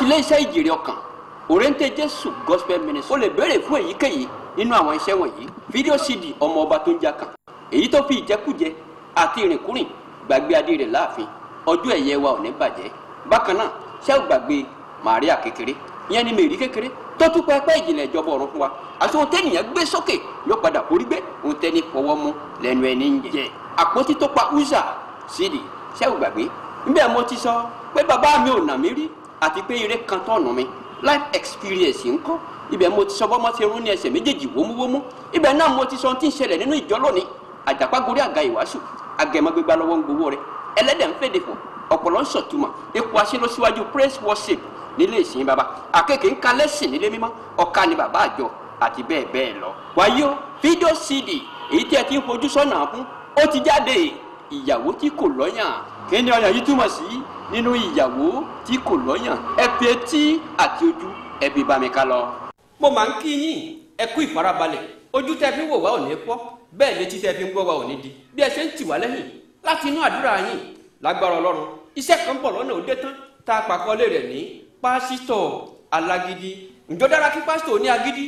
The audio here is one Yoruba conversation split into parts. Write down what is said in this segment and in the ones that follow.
láti iléeṣẹ́ ìjèrè ọkàn òrèǹtẹ̀ jésù gospel ministry o lè béèrè fún èyíkéyìí nínú àwọn iṣẹ́ wọ̀nyí fídíò cd ọmọ ọba tó ń jà kan èyí tó fi ìjẹkújẹ àti ìrìnkúrìn gbàgbé adé rẹ̀ láàfin ọjọ́ ẹ̀yẹ wa ò ní bàjẹ́ bákan náà ṣé ò gbàgbé màríà kékeré ìyẹn ni mèrí kékeré tó tún pẹpẹ ìjìnlẹ̀ ìjọba ọ̀run fún wa àti ohun tẹ́nìyàn gbé sókè ló padà borí gbé ohun tẹ́ni fọwọ́ mú lẹ́nu ẹni ń jẹ àpótí tó pa uza cd ṣé ò gbàgbé níbẹ̀ mo ti sọ pé bàbá mi ò nà mí rí àti pé eré kan tó ọ̀nà mi life experience ń kọ́ ibẹ̀ mo ti sọ bọ́ mọ́ ti rún ní ẹsẹ̀ méjèèjì wómúwómú ibẹ̀ náà mo ti sọ tí ń ṣẹlẹ̀ nínú ìjọ lónìí àjàpágorí àga ìwàásù agẹmọgbẹgbà lọ́wọ́ ń gbowó rẹ ẹlẹ́dẹ̀ ń fèdè fún ọ̀pọ̀lọ́ ń sọ̀túmọ̀ epo aṣẹ́lọ́síwájú praise worship nílé ìsìn baba àkekè ń kalẹ́ sìn nílé mímọ́ ọ̀ka ni bàbá àjọ àti bẹ́ẹ̀ bẹ́ẹ̀ lọ. wáyé o fídíò cd èyí tí ẹ ti ń fojú sọ́nà fún ó ti jáde ìyàwó tí kò lọ́yàn kí ni ọyàn yìí túmọ̀ sí nínú ìyàwó tí kò lọ́yàn ẹ pe etí àti ojú ẹ bí bá mi ká lọ. mo máa ń kí yín ẹ kú ìfarabalẹ̀ ojú tẹ́ fi ń wò wá ò ní pọ́ bẹ́ẹ̀ létí tẹ́ fi ń gbọ́ wá ò ní di bí ẹ ṣe ń tì wá lẹ́yìn láti inú àdúrà yín lágbára ọlọ́run iṣẹ́ kan bọ̀ lọ́nà òde tán tá a pàkọ́lé rẹ̀ ní pásítọ̀ alágídí ǹjọ́ dára kí pásítọ̀ ní agídí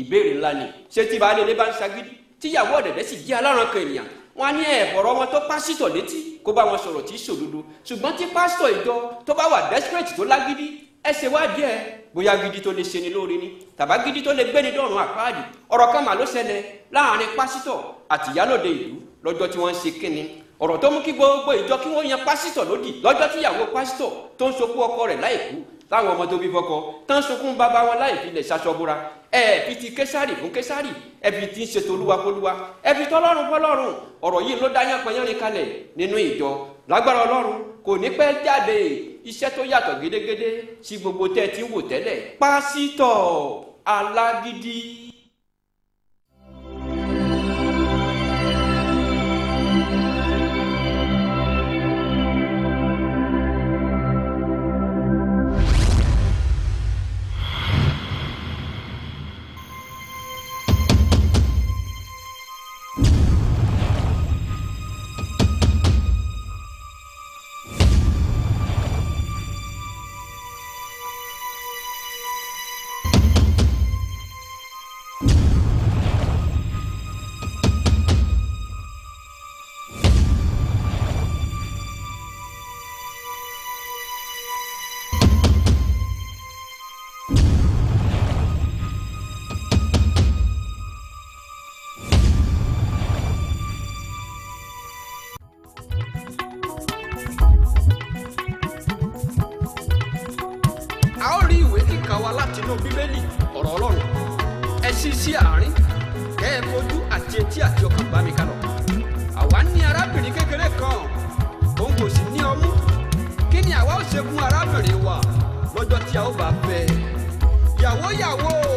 ìbéèrè ńlá ni ṣé tí baálé ilé bá ń ṣagídí tíyàwó ọ̀dẹ̀dẹ̀ sì jẹ́ alárànkan ènìyàn wọn á ní ẹ̀bọ̀rọ̀ wọn tó pásítọ̀ létí kó bá wọn sọ̀rọ̀ tí ṣòdodo ṣùgbọ́n tí pásítọ̀ ìjọ tó bá wà desperate tó lágídí ẹ ṣe wádìí ẹ bóyá gidi tó lè ṣeni lóore ni tàbá gidi tó lè gbéni dọ̀rùn àpáàdì ọ̀rọ̀ kan mà ló ṣẹlẹ̀ láàrin pásítọ̀ àti ìyálòde ìlú lọ́jọ́ tí wọ́n ń ṣe kínni ọ̀rọ̀ tó mú kí gbogbo ìjọ kí wọ́n yan pásítọ̀ lódì lọ́jọ́ tíyàwó pásítọ̀ tó ń ṣokú ọkọ rẹ̀ láìkú táwọn ọmọ tó bí fọkọ tán sunkún bàbá wọn láì fi lè ṣaṣọ bóra ẹ fi ti késàrì fún késàrì ẹ fi ti ń ṣètò olúwa fólúwa ẹ fi tọlọ́run fọlọ́run ọ̀rọ̀ yìí ló dá yánpọnyánrin kalẹ̀ nínú ìjọ lágbára ọlọ́run kò ní pẹ́ jáde iṣẹ́ tó yàtọ̀ gédégédé sí gbogbo tẹ́ ti ń wò tẹ́lẹ̀ pásítọ̀ alágídí lọ́jà ó bá fẹ́ yàwó yàwó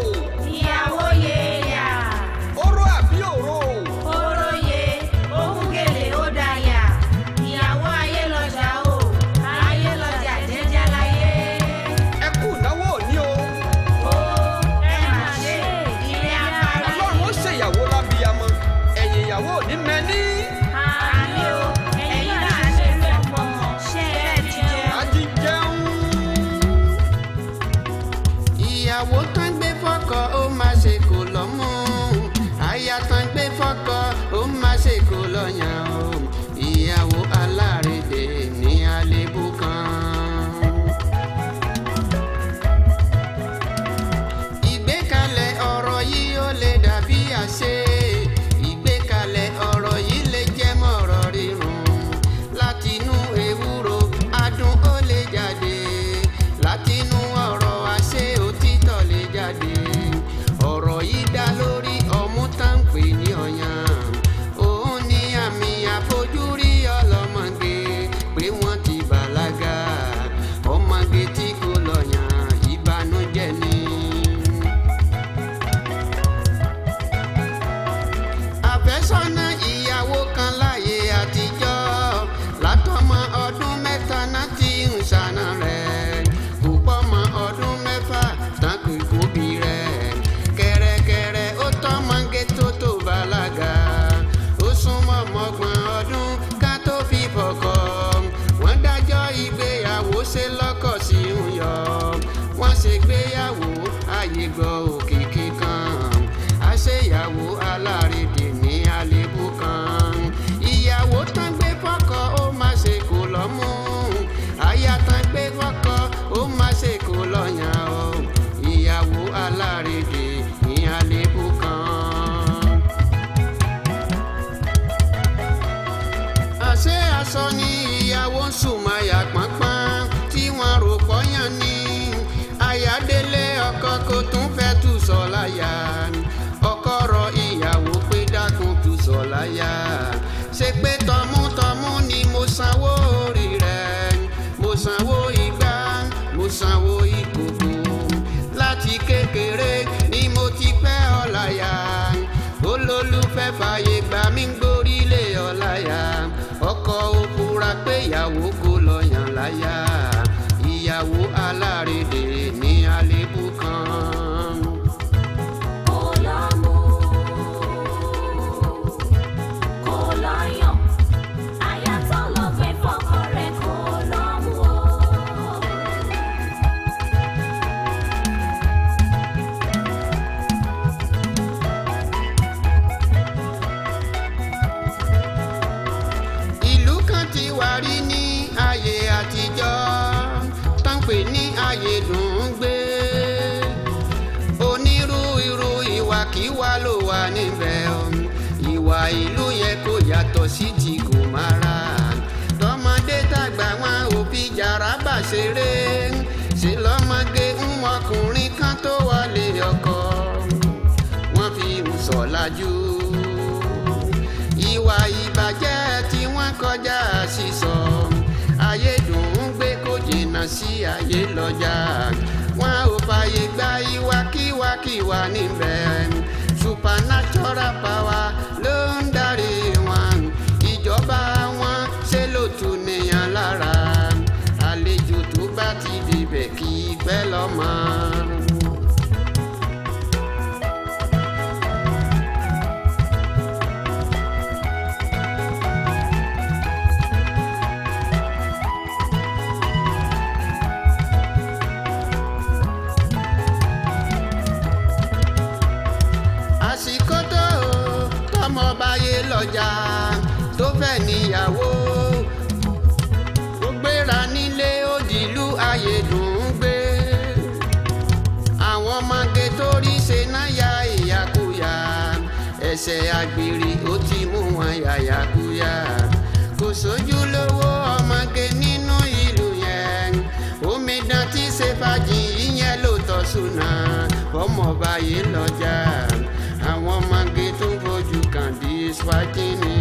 go. láyà ọkọ rọ ìyàwó pé dákun tù sọ ṣe pé tọmútọmú ni mo sanwó orí rẹ mo sanwó igbá mo sanwó ìkòkò láti kékeré ni mo ti pẹ́ ọ̀láyà olólùfẹ́ fàyè gbà mí gbórílé ọ̀láyà ọkọ òkúra pé ìyàwó kò lọ yàn láyà. ṣeré ṣe lọ́mọdé ń wọkùnrin kan tó wọlé ọkọ wọ́n fi ń sọ̀lájú ìwà ìbàjẹ́ tí wọ́n kọjá sísọ ayédùn ń gbé kó jìnnà sí ayé lọ́jà wọn ò fààyè gba ìwàkiwàkiwà níbẹ̀ supernatural power. 吗？ẹsẹ̀ àgbèrè ó ti mú wọn yàyàkúyà kò sójú lówó ọmọge nínú ìlú yẹn omidan tí ṣe fàájì ìyẹn ló tọ́ sùnà ọmọọba yìí lọ́jà àwọn ọmọge tó ń bójú kàn bí swagini.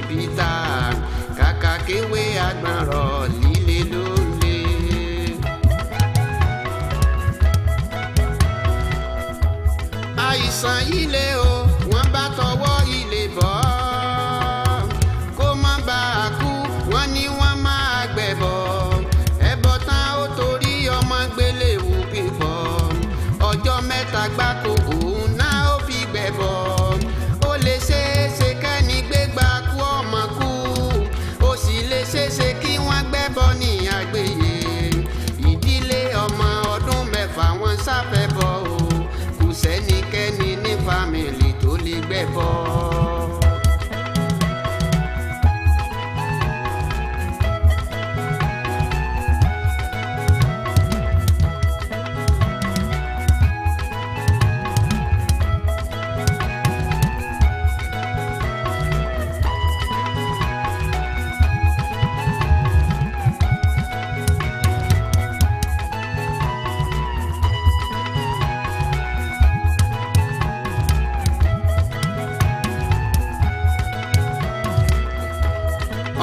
jìbìtà kàkà kéwé agbọ̀nrọ̀.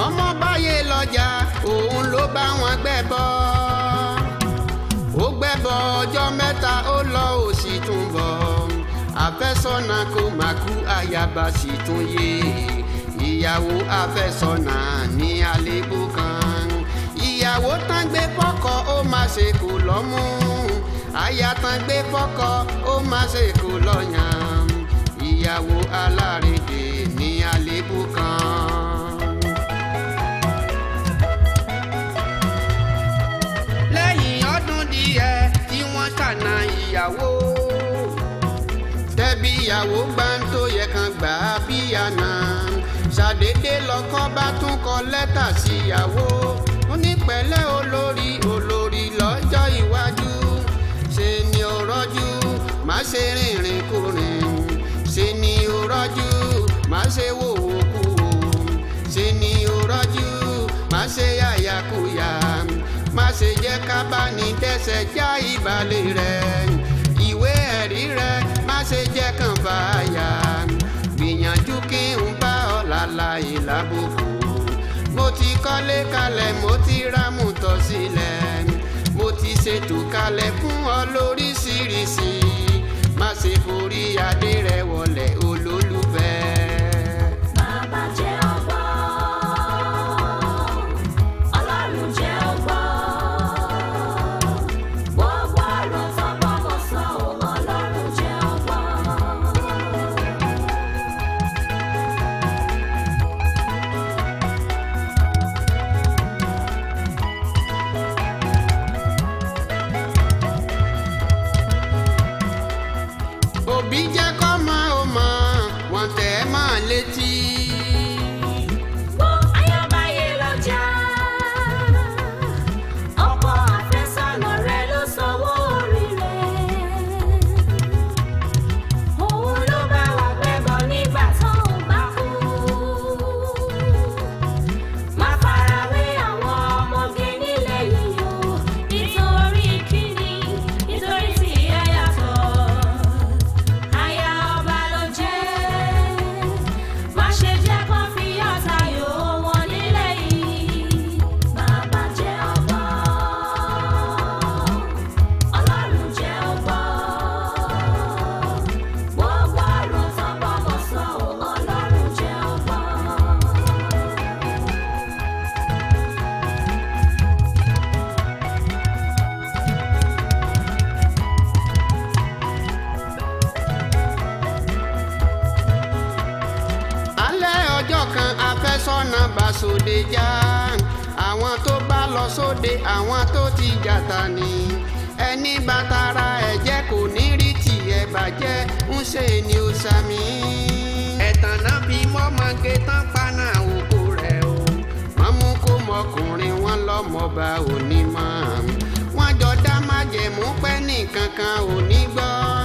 ọmọ báyé lọ́jà òun ló bá wọn gbẹ́bọ ó gbẹ́bọ ọjọ́ mẹ́ta ó lọ ó sì tún bọ̀ àfẹ́sọ́nà kò má kú àyàbá sì tún yé ìyàwó àfẹ́sọ́nà ní àlébù kan ìyàwó tán gbé fọ́kọ ó má ṣe kò lọ́mú aya tán gbé fọ́kọ ó má ṣe kò lọ́yàn ìyàwó alárédè. ìyàwó tẹ́bí ìyàwó gbá ń tó yẹ kan gbà á bí àná ṣàdédé lọ́kọ bá tún kọ lẹ́tà sí ìyàwó ó olórí olórí lọ́jọ́ iwájú ṣe ni ó rọ́jú má ṣe rìnrìn kùnrin ṣe ni ó rọ́jú má ṣe wòwò kú ṣe ni ó rọ́jú má ṣe yàyàkuyà má ṣe jẹ́ ká bá ní tẹ̀sẹ̀ já ìbàlẹ̀ rẹ̀. kọ́lé kalẹ̀ mo ti ra mùtọ̀ sílẹ̀ mo ti ṣètò kalẹ̀ fún sóde já àwọn tó bá lọ sóde àwọn tó ti jàtà ni ẹni bàtàrà ẹ̀jẹ̀ kò ní rí tiẹ̀ bàjẹ́ ń ṣe ni ó sami. ẹ̀tàn náà fi mọ́mọ́ge tán paná òkú rẹ̀ o wọ́n mú kó mọkùnrin wọn lọ́mọba òní mọ́ wọ́n jọ dá májẹ̀mú pẹ́ nìkankan òní gbọ́.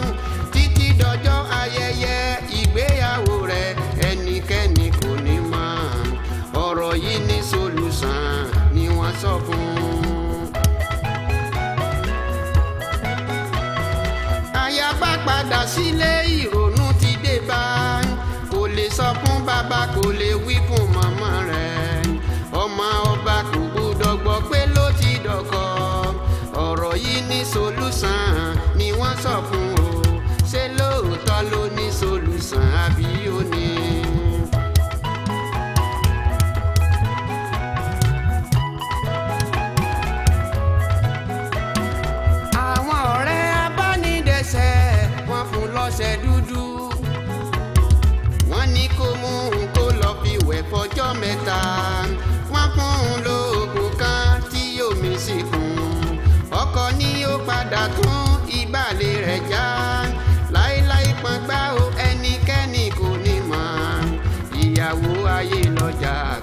ọṣẹ dúdú wọ́n ní kó mú un kó lọ fi wẹ̀ fọjọ́ mẹ́ta wọ́n fún un lóògùn kan tí omi sì kún ọkọ ni ó padà tún ìgbàlẹ̀ rẹ̀ já láéláé pọ́n gbá o ẹnikẹ́ni kò ní mọ̀ ìyàwó ayé lọ́jà.